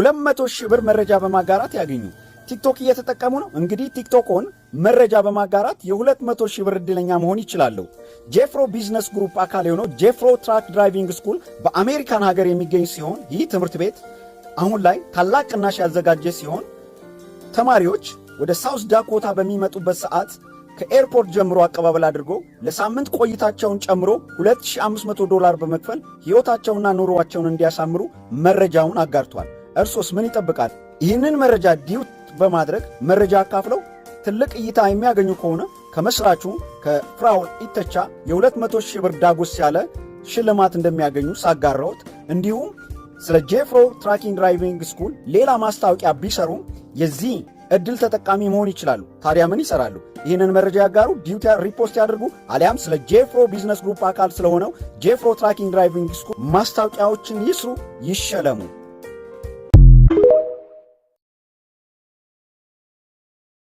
ሁለት ሺ ሺህ ብር መረጃ በማጋራት ያገኙ። ቲክቶክ እየተጠቀሙ ነው። እንግዲህ ቲክቶክን መረጃ በማጋራት የ መቶ ሺህ ብር እድለኛ መሆን ይችላሉ። ጄፍሮ ቢዝነስ ግሩፕ አካል የሆነው ጄፍሮ ትራክ ድራይቪንግ ስኩል በአሜሪካን ሀገር የሚገኝ ሲሆን ይህ ትምህርት ቤት አሁን ላይ ታላቅ ቅናሽ ያዘጋጀ ሲሆን ተማሪዎች ወደ ሳውዝ ዳኮታ በሚመጡበት ሰዓት ከኤርፖርት ጀምሮ አቀባበል አድርጎ ለሳምንት ቆይታቸውን ጨምሮ 2500 ዶላር በመክፈል ሕይወታቸውና ኑሮዋቸውን እንዲያሳምሩ መረጃውን አጋርቷል። እርሶስ ምን ይጠብቃል? ይህንን መረጃ ዲዩት በማድረግ መረጃ አካፍለው ትልቅ እይታ የሚያገኙ ከሆነ ከመስራቹ ከፍራኦል ኢተቻ የ200 ሺህ ብር ዳጎስ ያለ ሽልማት እንደሚያገኙ ሳጋራውት እንዲሁም ስለ ጄፍሮ ትራኪንግ ድራይቪንግ ስኩል ሌላ ማስታወቂያ ቢሰሩ የዚህ እድል ተጠቃሚ መሆን ይችላሉ። ታዲያ ምን ይሰራሉ? ይህንን መረጃ ያጋሩ፣ ዲዩቲ ሪፖስት ያድርጉ፣ አሊያም ስለ ጄፍሮ ቢዝነስ ግሩፕ አካል ስለሆነው ጄፍሮ ትራኪንግ ድራይቪንግ ስኩል ማስታወቂያዎችን ይስሩ፣ ይሸለሙ።